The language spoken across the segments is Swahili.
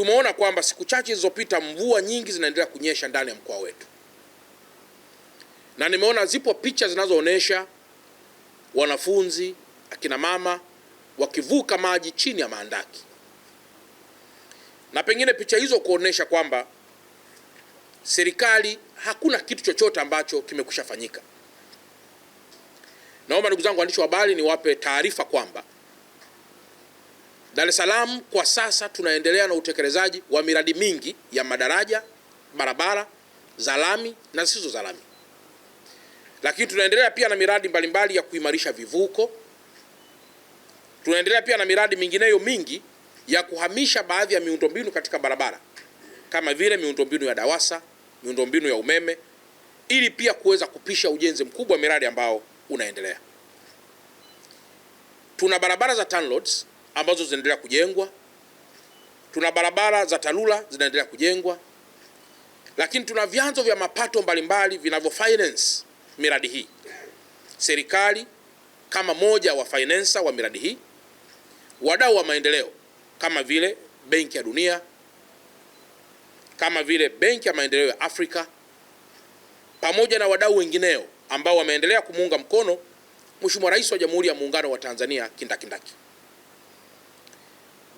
tumeona kwamba siku chache zilizopita mvua nyingi zinaendelea kunyesha ndani ya mkoa wetu, na nimeona zipo picha zinazoonyesha wanafunzi akina mama wakivuka maji chini ya maandaki, na pengine picha hizo kuonyesha kwamba serikali hakuna kitu chochote ambacho kimekushafanyika. fanyika. Naomba ndugu zangu waandishi wa habari, niwape taarifa kwamba Dar es Salaam kwa sasa tunaendelea na utekelezaji wa miradi mingi ya madaraja, barabara za lami na zisizo za lami, lakini tunaendelea pia na miradi mbalimbali ya kuimarisha vivuko. Tunaendelea pia na miradi mingineyo mingi ya kuhamisha baadhi ya miundombinu katika barabara kama vile miundombinu ya DAWASA, miundombinu ya umeme, ili pia kuweza kupisha ujenzi mkubwa wa miradi ambao unaendelea. Tuna barabara za TANROADS ambazo zinaendelea kujengwa, tuna barabara za TARURA zinaendelea kujengwa, lakini tuna vyanzo vya mapato mbalimbali vinavyo finance miradi hii, serikali kama moja wa financer wa miradi hii, wadau wa maendeleo kama vile Benki ya Dunia, kama vile Benki ya Maendeleo ya Afrika pamoja na wadau wengineo ambao wameendelea kumuunga mkono Mheshimiwa Rais wa Jamhuri ya Muungano wa Tanzania kindakindaki.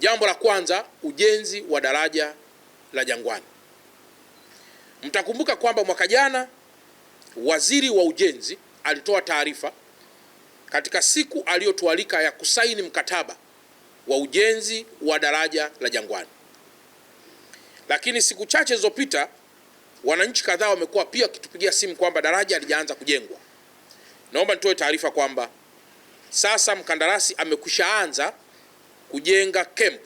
Jambo la kwanza, ujenzi wa daraja la Jangwani. Mtakumbuka kwamba mwaka jana waziri wa ujenzi alitoa taarifa katika siku aliyotualika ya kusaini mkataba wa ujenzi wa daraja la Jangwani, lakini siku chache zilizopita wananchi kadhaa wamekuwa pia wakitupigia simu kwamba daraja halijaanza kujengwa. Naomba nitoe taarifa kwamba sasa mkandarasi amekwishaanza kujenga camp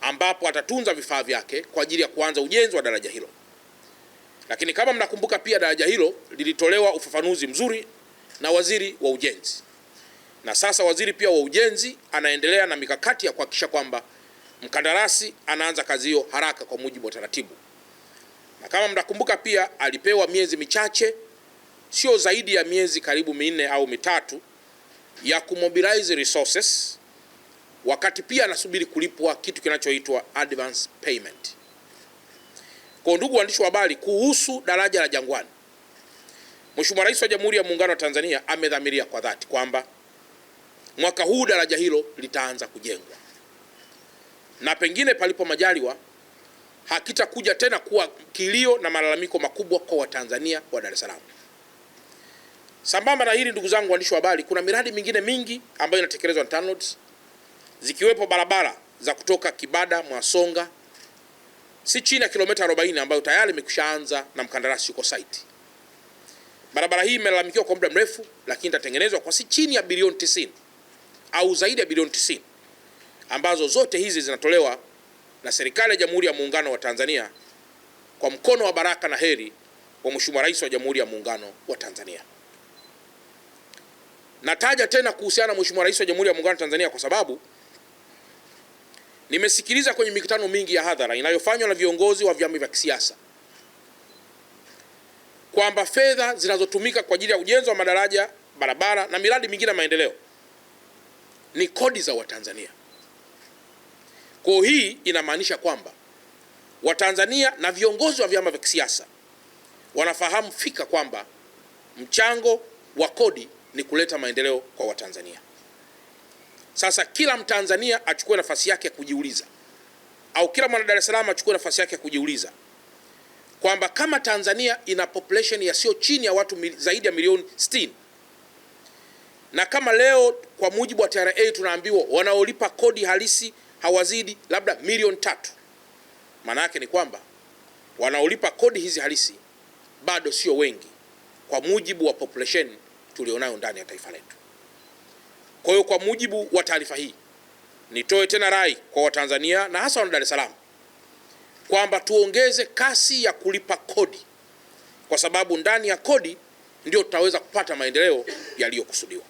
ambapo atatunza vifaa vyake kwa ajili ya kuanza ujenzi wa daraja hilo. Lakini kama mnakumbuka, pia daraja hilo lilitolewa ufafanuzi mzuri na waziri wa ujenzi, na sasa waziri pia wa ujenzi anaendelea na mikakati ya kuhakikisha kwamba mkandarasi anaanza kazi hiyo haraka kwa mujibu wa taratibu. Na kama mnakumbuka, pia alipewa miezi michache, sio zaidi ya miezi karibu minne au mitatu ya kumobilize resources wakati pia anasubiri kulipwa kitu kinachoitwa advance payment. Kwa ndugu waandishi wa habari, kuhusu daraja la Jangwani, Mheshimiwa Rais wa Jamhuri ya Muungano wa Tanzania amedhamiria kwa dhati kwamba mwaka huu daraja hilo litaanza kujengwa na pengine palipo majaliwa hakitakuja tena kuwa kilio na malalamiko makubwa kwa Watanzania wa Dar es Salaam. Sambamba na hili, ndugu zangu waandishi wa habari, kuna miradi mingine mingi ambayo inatekelezwa na TANROADS zikiwepo barabara za kutoka Kibada Mwasonga si chini ya kilomita 40 ambayo tayari imekushaanza na mkandarasi uko site. Barabara hii imelalamikiwa kwa muda mrefu, lakini itatengenezwa kwa si chini ya bilioni tisini au zaidi ya bilioni tisini ambazo zote hizi zinatolewa na serikali ya Jamhuri ya Muungano wa Tanzania kwa mkono wa baraka na heri wa Mheshimiwa Rais wa Jamhuri ya Muungano wa Tanzania. Nataja tena kuhusiana na Mheshimiwa Rais wa Jamhuri ya Muungano wa Tanzania kwa sababu Nimesikiliza kwenye mikutano mingi ya hadhara inayofanywa na viongozi wa vyama vya kisiasa kwamba fedha zinazotumika kwa ajili ya ujenzi wa madaraja, barabara na miradi mingine ya maendeleo ni kodi za Watanzania. Kwa hii inamaanisha kwamba Watanzania na viongozi wa vyama vya kisiasa wanafahamu fika kwamba mchango wa kodi ni kuleta maendeleo kwa Watanzania. Sasa kila Mtanzania achukue nafasi yake ya kujiuliza, au kila mwana Dar es Salaam achukue nafasi yake ya kujiuliza kwamba kama Tanzania ina population ya sio chini ya watu zaidi ya milioni 60 na kama leo kwa mujibu wa TRA tunaambiwa wanaolipa kodi halisi hawazidi labda milioni tatu, maana yake ni kwamba wanaolipa kodi hizi halisi bado sio wengi kwa mujibu wa population tulionayo ndani ya taifa letu. Kwa hiyo kwa mujibu wa taarifa hii, nitoe tena rai kwa Watanzania na hasa wana Dar es Salaam kwamba tuongeze kasi ya kulipa kodi, kwa sababu ndani ya kodi ndio tutaweza kupata maendeleo yaliyokusudiwa.